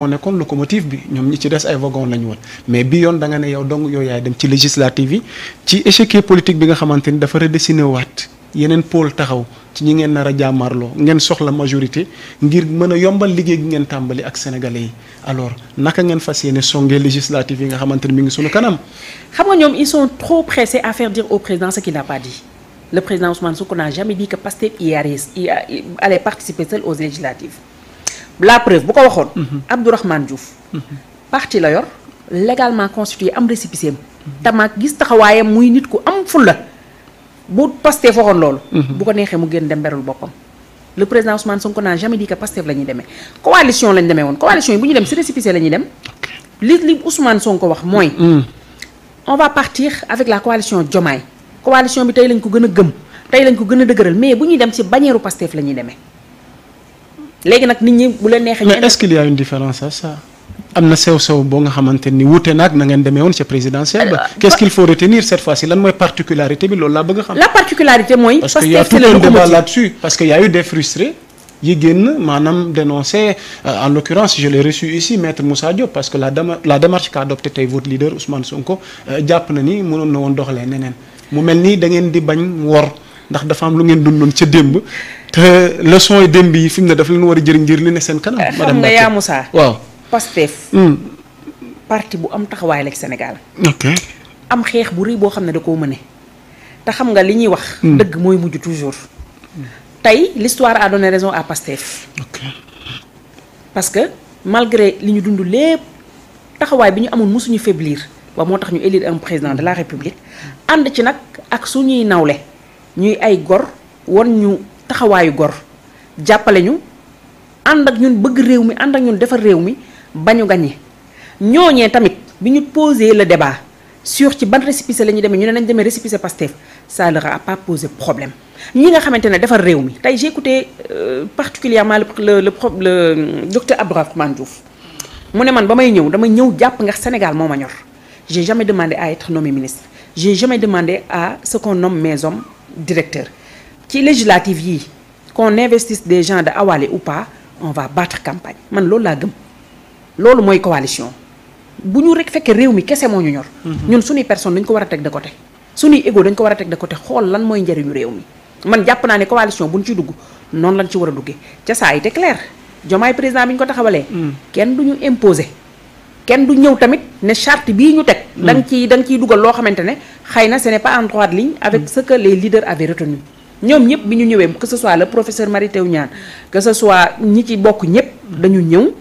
moo nekkoon locomotive bi ñoom ñi ci des ay wagon la ñu woon mais bi yoon da nga ne yow dong yow yaay dem ci législative yi ci échiquier politique bi nga xamante ni dafa redessiné waat yeneen pôle taxaw ci ñi ngeen nar a jàmmarloo ngeen soxla majorité ngir mën a yombal liggéey gi ngeen tàmbali ak sénégalais yi alors naka ngeen fas yéene songe législative yi nga xamante ni mi ngi sunu kanam. xam nga ñoom ils sont trop pressés à faire dire au président ce qu'il n'a pas que Pastef allait participer seul aux législatives. la preuve bu ko waxoon. Mhm. Abdourahmane Diouf. Mhm. parti la yor légalement constitué am récépissé am. te ma gis taxawaayam muy nit ku am fulla bu Pastef waxoon loolu. Mhm. bu ko neexee mu génn dem berul boppam. le président Ousmane Sonko n'a jamais dit que Pastef la ñuy demee coalition lañ deme woon coalition yi bu ñu dem si récépissé la ñuy dem li li soo ko wax mooy. on va partir avec la coalition Diomaye coalition bi tey lañ ko gën a gëm tey lañ ko gën a dëgëral mais bu ñuy dem si bannière Pastef la ñuy demee. léegi nag nit ñi bu la neexee. mais est-ce qu'il une différence à ça. am na sew sew boo nga xamante ni wuute nag na ngeen demee woon ca présidentielle ba. qu'est-ce qu'il faut retenir cette fois-ci lan mooy particularité bi loolu laa bëgg a xam. la particularité mooy. parce que y a tout un débat là-dessus parce que y a eu des frustrés yi génn maanaam dénoncé euh, en l'occurrence je l'ai reçu ici maître Moussa Diop parce que la dama la démarche qu'a adopté tey votre leader Ousmane Sonko euh, jàpp na ni mënoon na woon doxalee neneen mu mel ni da ngeen di bañ wor. ndax dafa am lu ngeen dundoon ca démb te leçon yi démb yi fi mu ne daf leen war a jëriñ njëriñ li ne seen kanam. Eh, madame xam nga yaa Moussa. waaw Pastef. Hmm. parti bu am taxawaay la ci am xeex bu rëy boo xam ne da koo mëne. te xam nga li ñuy wax. Hmm. dëgg mooy mujj toujours. tey l'histoire a donné raison à Pastef. ok parce que malgré li ñu dund lépp taxawaay bi ñu amoon mosuñu faiblir ba moo tax ñu élire un président de la république ànd ci nag ak suñuy nawle. ñuy ay gor wan ñu taxawaayu gor jàppale ñu ànd ak ñun bëgg réew mi ànd ak ñun defar réew mi bañu nga gañe ñooñee tamit bi ñu posé le débat sur ci ban récépissé la ñuy demee ñu ne nañ demee récépissé Pastef ça leur a pas posé problème nga xamante ne defar réew mi tey j'ai écouté euh, particulièrement le le le euh, docteur Abdourahmane Diouf mu ne man ba may ñëw dama ñëw jàpp nga Sénégal moo ma ñor j'ai jamais demande à être nommé ministre j'ai jamais demandé à ce qu'on nomme mes directeur ci législative yii qu'on investisse des gens de Awalé ou pas on va battre campagne man loolu laa gëm loolu mooy coalition bu ñu rek fekkee réew mi kese moo ñu ñor mhm. ñun suñuy personne dañ ko war a teg de côté suñuy égo dañ ko war a teg de côté xool lan mooy njëriñu réew mi man jàpp naa ne coalition bu ñu ci dugg noonu lañ ci war a duggee ca saa yi te clair jomaay président bi ñu ko taxawalee mm. kenn du ñu imposer kenn du ñëw tamit ne charte bii ñu teg. Mm. da ciy da ciy dugal loo xamante ne xëy na ce n'est pas en droite ligne avec mm. ce que les leaders ñoom ñëpp bi ñu ñëwee que ce le professeur Mary Teuw ñaan que ce soit ñi ci bokk ñëpp dañu ñëw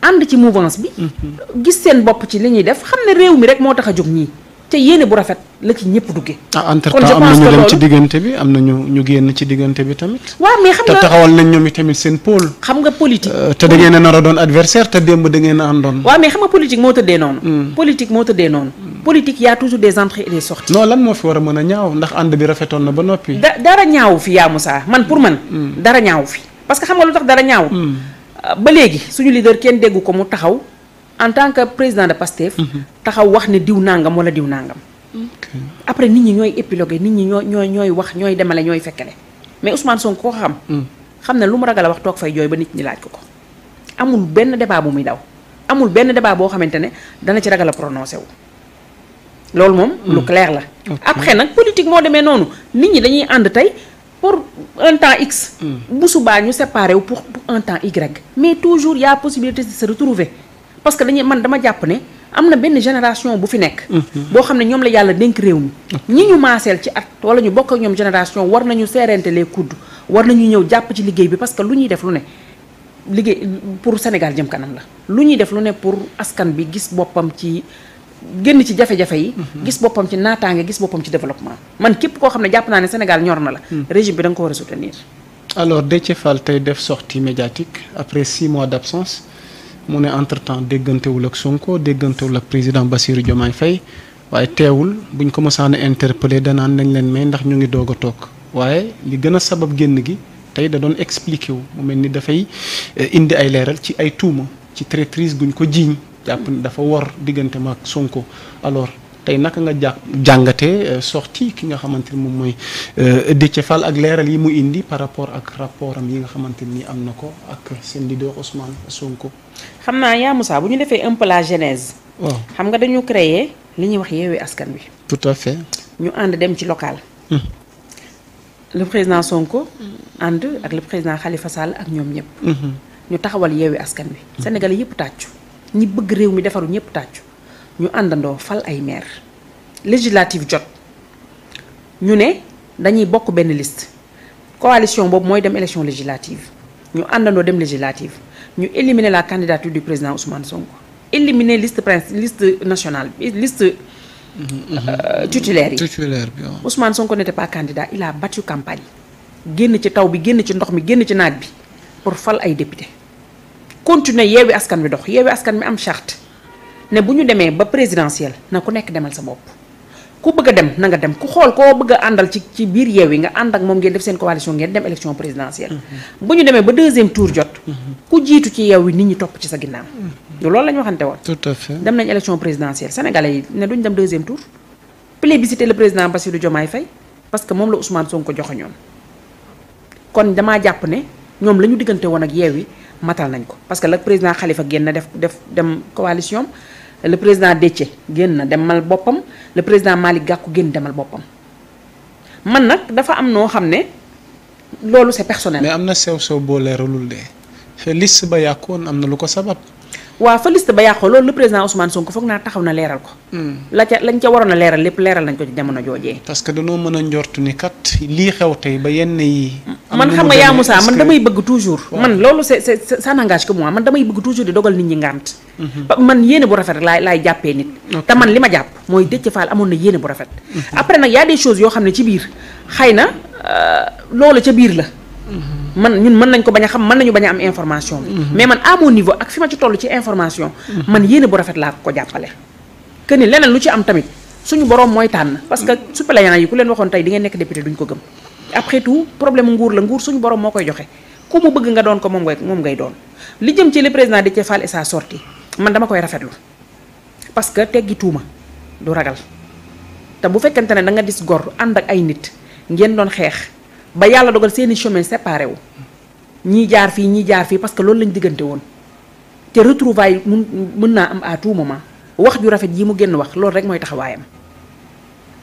ànd ci mouvance bi. Mm-hmm. gis seen bopp ci li ñuy def xam ne réew mi rek moo tax a jóg ñii. te yéene bu rafet la ci ñëpp duggee. ah am na ñu dem ci diggante bi am na ñu ñu génn ci diggante bi tamit. waaw mee xam nga taxawal nañ ñoom tamit seen pôle. xam nga politique. Euh, te da ngeen a doon adversaire te démb da ngeen a àndoon. waaw mais xam nga politique moo tëddee noonu. Hmm. politique moo tëddee noonu. politique y toujours des entrées et des sorties. lan moo fi war a mën a ñaaw ndax ànd bi rafetoon na ba noppi. da dara ñaawu fi yaa Moussa man pour man. Hmm. dara ñaawu fi parce que xam nga dara ñaaw. Hmm. Euh, ba léegi suñu leader kenn déggu ko mu taxaw en tant que président de PASTEF. taxaw wax ne diw nangam wala diw nangam. après nit ñi ñooy épilogué nit ñi ñoo ñooy ñooy wax ñooy demale ñooy fekkele mais Ousmane Sonko ko xam. Mm. xam ne lu mu ragal a wax toog fay jooy ba nit ñi laaj ko ko. amul benn débat bu muy daw amul benn débat boo xamante ne dana ci ragal a prononcé wu. loolu moom. Mm. lu clair la. après nag politique moo demee noonu nit ñi dañuy ànd tey pour un temps x. Mm. bu subaa ñu séparé wu pour un temps y. mais toujours y a possibilité de se parce que dañuy man dama jàpp ne am na benn génération bu fi nekk. Mhm. boo xam ne ñoom la yàlla dénk réew mi. ñi ñu maaseel ci at wala ñu bokk ak ñoom génération war nañu seerente les coudes war nañu ñëw jàpp ci liggéey bi parce que lu ñuy def lu ne liggéey pour Sénégal jëm kanam la. lu ñuy def lu ne pour askan bi gis boppam ci génn ci jafe-jafe yi. Mhm. gis boppam ci naataange gis boppam ci développement. man képp koo xam ne jàpp naa ne Sénégal ñor na la. Mhm. régime bi da ko war a soutenir. alors Déthié Fall médiatique après mois d' absence. mu ne entre temps déggantewul ak Sonko déggantewul ak président Bassirou Diomaye Faye waaye teewul bu ñu ko mosaan a interpellé danaan nañ leen may ndax ñu ngi doog a toog waaye li gën a sabab génn gi tey da doon expliqué wu mu mel ni dafay eh, indi ay leeral ci ay tuuma ci traîtrise guñ ko jiiñ jàpp ni dafa wor diggante ma ak Sonko alors tey naka nga jàngate jàngatee euh, sortie ki nga xamante ni moom mooy euh, Déthié Fall ak leeral yi mu indi par rapport ak rapport am yi nga xamante ni am na ko ak seen di leader Ousmane Sonko. xam naa yaa musaa bu ñu defee un peu xam nga dañu créer li ñuy wax yeewee askan wi. tout à fait. ñu ànd dem ci local. le président Sonko. ànd ak le président xalifa Sall ak ñoom ñëpp. ñu taxawal yeewee askan wi. Sénégal yëpp tàccu ñi bëgg réew mi defaru ñëpp tàccu. ñu àndandoo fal ay maire législative jot ñu ne dañuy bokk benn liste coalition boobu mooy dem élection législative ñu àndandoo dem législative ñu éliminer la candidature du président Ousmane Sonko éliminer list prince liste nationale list liste mhm, euh, mhm. titulaire yi titulaire bi Ousmane Sonko n'était pas candidat il a battu campagne génn ci taw bi génn ci ndox mi génn ci naaj bi pour fal ay député continuer yeewi askan wi dox yeewi askan bi am charte ne bu ñu demee ba présidentielle na ku nekk demal sa bopp ku bëgg dem na nga dem ku xool koo bëgg àndal ci ci biir yeew yi nga ànd ak moom ngeen def seen coalition ngeen dem élection présidentielle mm-hmm. bu ñu demee ba deuxième tour jot mm-hmm. ku jiitu ci yeew yi nit ñi topp ci sa ginnaaw mm-hmm. lool la ñu waxante woon tout à fait dem nañ élection présidentielle sénégalais yi ne duñ dem deuxième tour plébiscité le président Bassirou jomaay Faye parce que moom la Ousmane Sonko ko joxoñoon kon damaa jàpp ne ñoom la ñu diggante woon ak yeew yi matal nañ ko parce que la président Khalifa génn def def dem coalition le président Déthié génn na demal boppam le président Malick Gakou génn demal boppam man nag dafa am noo xam ne loolu c'est personnel. mais am na sew sew boo leeralul de liste ba yàqoon am na lu ko sabab. waaw fa liste ba yàqoo loolu le président Ousmane Sonko foog naa taxaw na leeral ko. Hmm. la ca lañ ca waroon a leeral lépp leeral nañ ko ci jamono joojee. parce que danoo mën a njort ni kat lii xew tey ba yenn yi. man xam nga yaa Moussa man damay bëgg toujours. man loolu c'est c'est ça n'engage que moi toujours di dogal nit ñi ngànt. Mhm. man yéene bu rafet rek laay jàppee nit. te man li ma jàpp mooy Déthié Fall amoon na yéene bu rafet. Mhm. après nag y a des yoo xam ne ci biir xëy na euh, loolu ca biir la. man ñun mën nañ ko bañ a xam mën nañu bañ a am information mhm. mais man amoo mon niveau ak fi ma ci toll ci information mhm. man yéene bu rafet laa ko jàppale que ni leneen lu ci am tamit suñu borom mooy tànn parce que mhm. suppléants yi ku leen waxoon tey di ngeen nekk député duñ ko gëm après tout problème nguur la nguur suñu borom moo koy joxe ku mu bëgg nga doon ko moom ngay moom ngay doon li jëm ci le président di Fall et sa sortie man dama koy rafetlu parce que teggi tuuma du ragal te bu fekkente ne da nga dis gor ànd ak ay nit ngeen doon xeex ba yàlla dogal seeni chemin séparé wu jaar fii ñii jaar fii parce que loolu lañ diggante woon te retrouvailles mun mën naa am à tout moment wax ju rafet yi mu génn wax loolu rek mooy taxawaayam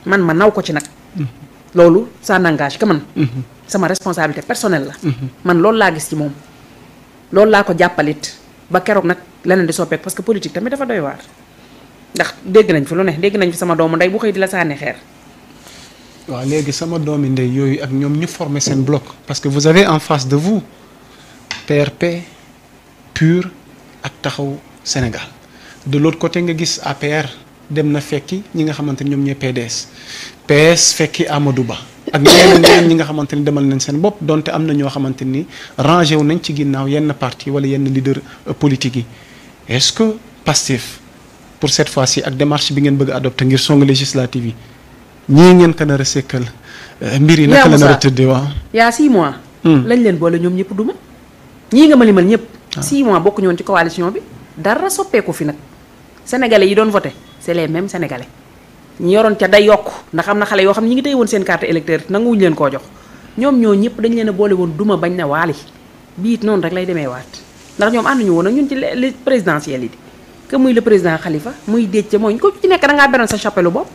man ma naw ko ci nag mm-hmm. loolu ça n'engage que man mm-hmm. sama responsabilité personnel la mm-hmm. man loolu laa gis ci moom loolu laa ko jàppalit ba keroog nag leneen di soppeeku parce que politique tamit dafa doy waar ndax dégg nañ fi lu ne dégg nañ fi sama doomu ndey bu xëy di la saani xeer waaw léegi sama doomi ndey yooyu ak ñoom ñu former seen bloc parce que vous avez en face de vous PRP PUR ak taxaw Sénégal de l'autre côté nga gis APR dem na fekki ñi nga xamante ni ñoom ñooy PDS PS fekki Amadou Ba ak ñeneen ñi nga xamante ni demal nañ seen bopp donte am na ñoo xamante ni rangé wu nañ ci ginnaaw yenn parti wala yenn leader euh, politique yi est-ce que Pastef pour cette fois-ci ak démarche bi ngeen bëgg a adopté ngir song législative yi ñii ngeen ko nar a sekkal eh, mbir yi naka la nar a tëddee waaw. yaa six mois. Hmm. lañ leen boole ñoom ñëpp duma ñii nga mali limal ñëpp. waaw ah. six mois bokk ñoon ci coalition bi dara soppeeku fi nag sénégalais yi doon voté c'est les mêmes sénégalais ñi yokk ndax am na xale yoo xam ne ñi ngi tey woon seen carte électeur nanguwuñu leen ko jox ñoom ñoo ñëpp dañ leen boole woon duma bañ na waali biit noonu rek lay demee waat ndax ñoom ànduñu woon ak ñun ci les présidentielles yi di que muy le président Khalifa muy décc mooy ko ci nekk da ngaa beroon sa chapelu bopp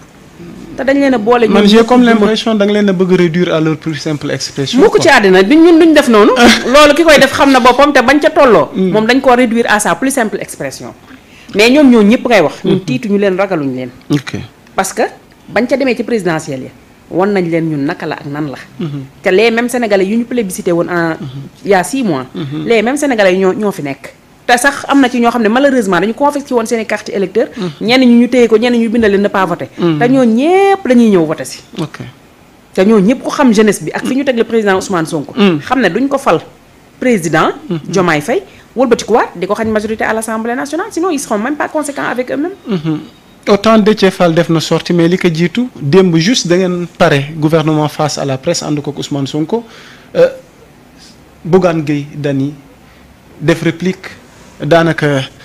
te dañ leen boole. man j'ai comme l'impression da nga a bëgg réduire à leur plus simple expression. mukk ci àddina duñ ñun duñ def noonu. loolu ki hmm. moom dañ koo réduire à sa plus mais ñoom ñoo ñëpp ngay wax. Hmm. ñun tiituñu leen ragaluñu leen. parce que bañ ca demee ci présidentielle wan nañ leen ñun naka la ak nan la. Hmm. te les mêmes sénégalais yu ñu plébiscité woon en. il y a six mois. les mêmes sénégalais ñoo ñoo fi nekk. te sax am na ci ñoo xam ne malheureusement dañu confisqué woon seen i carte électeur ñenn ñu ñu téye ko ñenn ñu bindal leen ne pas voté mm. te ñoo ñépp dañuy ñëw voté si te ñoo ñëpp ko xam jeunesse bi ak fi ñu teg le président Ousmane Sonko mm. xam ne duñ ko fal président mm. Diomaye Faye wëlbatikuwaat di ko xañ majorité à l'Assemblée nationale sinon ils seront même pas conséquents avec eux-mêmes mm-hmm. autant Déthié Fall def na sorti mais li ko jiitu démb juste da ngeen pare gouvernement face à la presse ànd ko ak Ousmane Sonko euh, Bougane Gueye Dany def réplique daanaka.